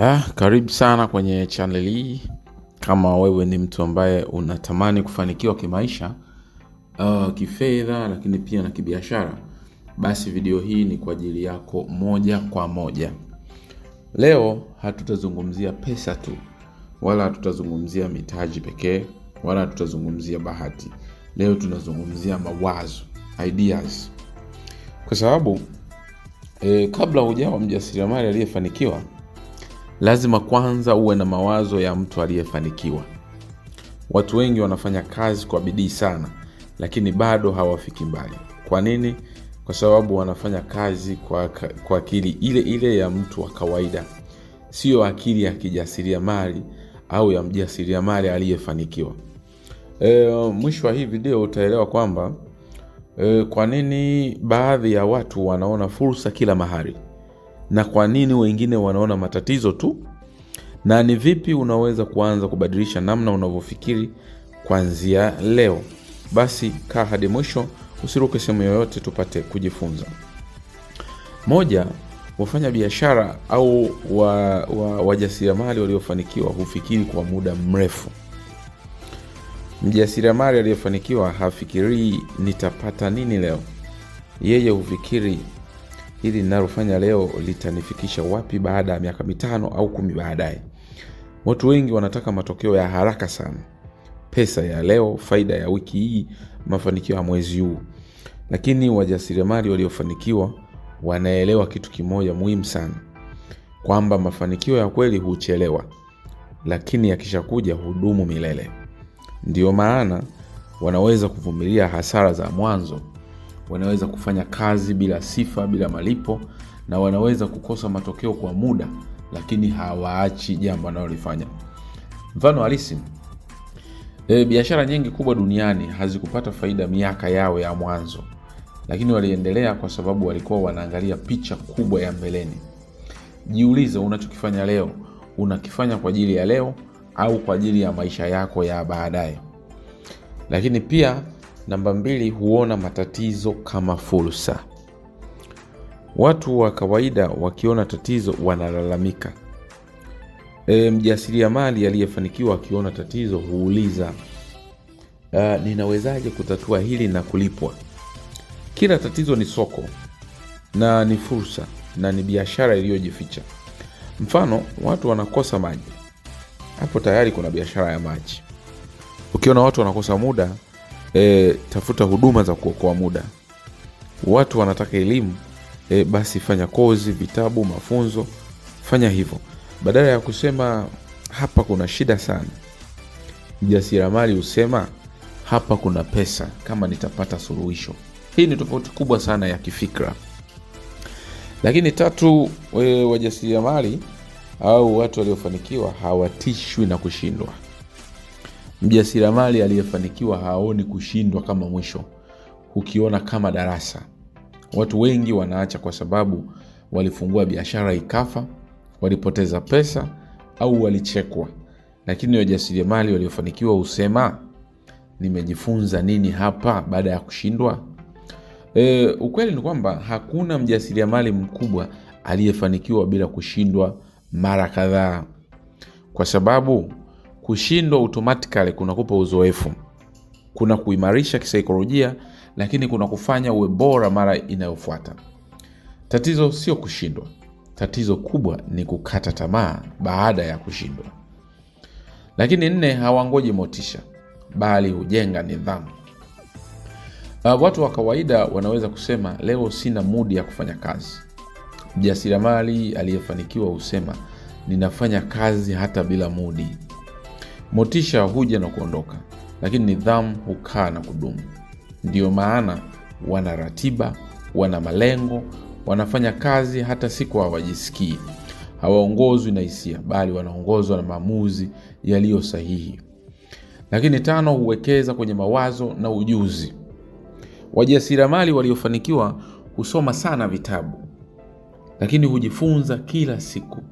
Ah, karibu sana kwenye channel hii. Kama wewe ni mtu ambaye unatamani kufanikiwa kimaisha, uh, kifedha lakini pia na kibiashara, basi video hii ni kwa ajili yako moja kwa moja. Leo hatutazungumzia pesa tu, wala hatutazungumzia mitaji pekee, wala hatutazungumzia bahati. Leo tunazungumzia mawazo, ideas, kwa sababu eh, kabla hujawa mjasiriamali aliyefanikiwa lazima kwanza uwe na mawazo ya mtu aliyefanikiwa. Watu wengi wanafanya kazi kwa bidii sana, lakini bado hawafiki mbali. Kwa nini? Kwa sababu wanafanya kazi kwa, kwa akili ile ile ya mtu wa kawaida, siyo akili ya kijasiriamali au ya mjasiriamali aliyefanikiwa. E, mwisho wa hii video utaelewa kwamba e, kwa nini baadhi ya watu wanaona fursa kila mahali na kwa nini wengine wanaona matatizo tu, na ni vipi unaweza kuanza kubadilisha namna unavyofikiri kuanzia leo. Basi kaa hadi mwisho, usiruke sehemu yoyote, tupate kujifunza. Moja, wafanya biashara au wajasiriamali wa, wa waliofanikiwa hufikiri kwa muda mrefu. Mjasiriamali aliyefanikiwa hafikirii nitapata nini leo, yeye hufikiri hili ninalofanya leo litanifikisha wapi baada ya miaka mitano au kumi baadaye. Watu wengi wanataka matokeo ya haraka sana, pesa ya leo, faida ya wiki hii, mafanikio ya mwezi huu. Lakini wajasiriamali waliofanikiwa wanaelewa kitu kimoja muhimu sana, kwamba mafanikio ya kweli huchelewa, lakini yakishakuja hudumu milele. Ndiyo maana wanaweza kuvumilia hasara za mwanzo wanaweza kufanya kazi bila sifa, bila malipo, na wanaweza kukosa matokeo kwa muda, lakini hawaachi jambo wanalolifanya. Mfano halisi e, biashara nyingi kubwa duniani hazikupata faida miaka yao ya mwanzo, lakini waliendelea kwa sababu walikuwa wanaangalia picha kubwa ya mbeleni. Jiulize, unachokifanya leo unakifanya kwa ajili ya leo au kwa ajili ya maisha yako ya baadaye? Lakini pia Namba mbili, huona matatizo kama fursa. Watu wa kawaida wakiona tatizo wanalalamika. E, mjasiriamali aliyefanikiwa akiona tatizo huuliza e, ninawezaje kutatua hili na kulipwa? Kila tatizo ni soko na ni fursa na ni biashara iliyojificha. Mfano, watu wanakosa maji, hapo tayari kuna biashara ya maji. Ukiona watu wanakosa muda e, tafuta huduma za kuokoa muda. Watu wanataka elimu e, basi fanya kozi, vitabu, mafunzo, fanya hivyo badala ya kusema hapa kuna shida sana. Mjasiriamali husema hapa kuna pesa, kama nitapata suluhisho. Hii ni tofauti kubwa sana ya kifikra. Lakini tatu, e, wajasiriamali au watu waliofanikiwa hawatishwi na kushindwa. Mjasiriamali aliyefanikiwa haoni kushindwa kama mwisho, hukiona kama darasa. Watu wengi wanaacha kwa sababu walifungua biashara ikafa, walipoteza pesa au walichekwa. Lakini wajasiriamali waliofanikiwa husema nimejifunza nini hapa baada ya kushindwa? E, ukweli ni kwamba hakuna mjasiriamali mkubwa aliyefanikiwa bila kushindwa mara kadhaa, kwa sababu kushindwa automatically kunakupa uzoefu, kuna kuimarisha kisaikolojia, lakini kuna kufanya uwe bora mara inayofuata. Tatizo sio kushindwa, tatizo kubwa ni kukata tamaa baada ya kushindwa. Lakini nne, hawangoji motisha bali hujenga nidhamu. Uh, watu wa kawaida wanaweza kusema leo sina mudi ya kufanya kazi. Mjasiriamali aliyefanikiwa husema ninafanya kazi hata bila mudi. Motisha huja na kuondoka, lakini nidhamu hukaa na kudumu. Ndiyo maana wana ratiba, wana malengo, wanafanya kazi hata siku hawajisikii. Hawaongozwi na hisia, bali wanaongozwa na maamuzi yaliyo sahihi. Lakini tano, huwekeza kwenye mawazo na ujuzi. Wajasiriamali waliofanikiwa husoma sana vitabu, lakini hujifunza kila siku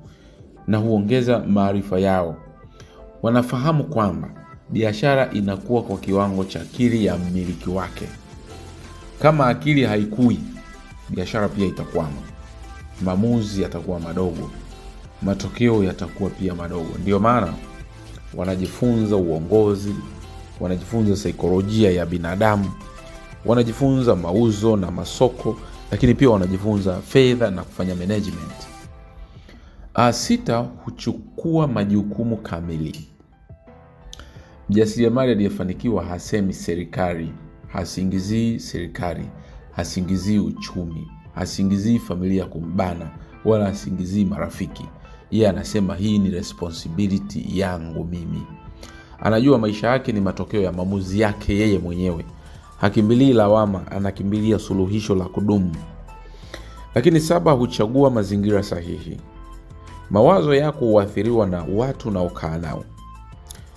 na huongeza maarifa yao wanafahamu kwamba biashara inakuwa kwa kiwango cha akili ya mmiliki wake. Kama akili haikui, biashara pia itakwama, maamuzi yatakuwa madogo, matokeo yatakuwa pia madogo. Ndiyo maana wanajifunza uongozi, wanajifunza saikolojia ya binadamu, wanajifunza mauzo na masoko, lakini pia wanajifunza fedha na kufanya management. Ah, sita, huchukua majukumu kamili. Mjasiriamali aliyefanikiwa hasemi serikali, hasingizii serikali, hasingizii uchumi, hasingizii familia kumbana, wala hasingizii marafiki. Yeye anasema hii ni responsibility yangu mimi. Anajua maisha yake ni matokeo ya maamuzi yake yeye mwenyewe. Hakimbilii lawama, anakimbilia suluhisho la kudumu. Lakini saba, huchagua mazingira sahihi. Mawazo yako huathiriwa na watu unaokaa nao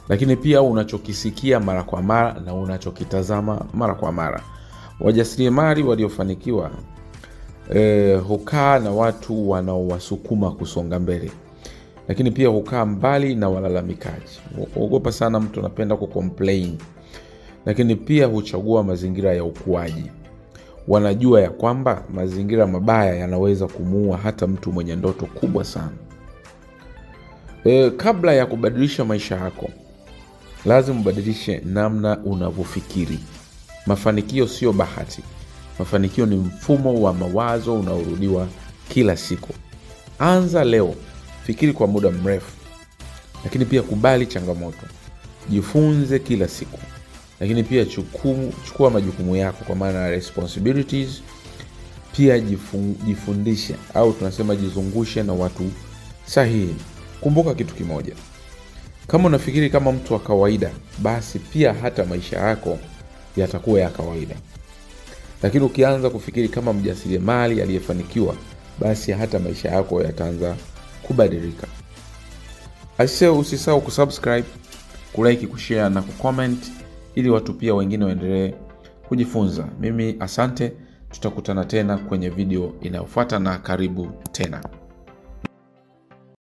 lakini pia unachokisikia mara kwa mara na unachokitazama mara kwa mara. Wajasiriamali waliofanikiwa e, hukaa na watu wanaowasukuma kusonga mbele, lakini pia hukaa mbali na walalamikaji. Huogopa sana mtu anapenda kucomplain, lakini pia huchagua mazingira ya ukuaji. Wanajua ya kwamba mazingira mabaya yanaweza kumuua hata mtu mwenye ndoto kubwa sana. E, kabla ya kubadilisha maisha yako lazima ubadilishe namna unavyofikiri. Mafanikio sio bahati. Mafanikio ni mfumo wa mawazo unaorudiwa kila siku. Anza leo, fikiri kwa muda mrefu, lakini pia kubali changamoto. Jifunze kila siku, lakini pia chukumu, chukua majukumu yako kwa maana responsibilities. Pia jifun, jifundishe au tunasema jizungushe na watu sahihi. Kumbuka kitu kimoja. Kama unafikiri kama mtu wa kawaida, basi pia hata maisha yako yatakuwa ya kawaida. Lakini ukianza kufikiri kama mjasiriamali aliyefanikiwa, basi hata maisha yako yataanza kubadilika. aise usisahau kusubscribe, kulike, kushare na kucomment ili watu pia wengine waendelee kujifunza. Mimi asante, tutakutana tena kwenye video inayofuata na karibu tena.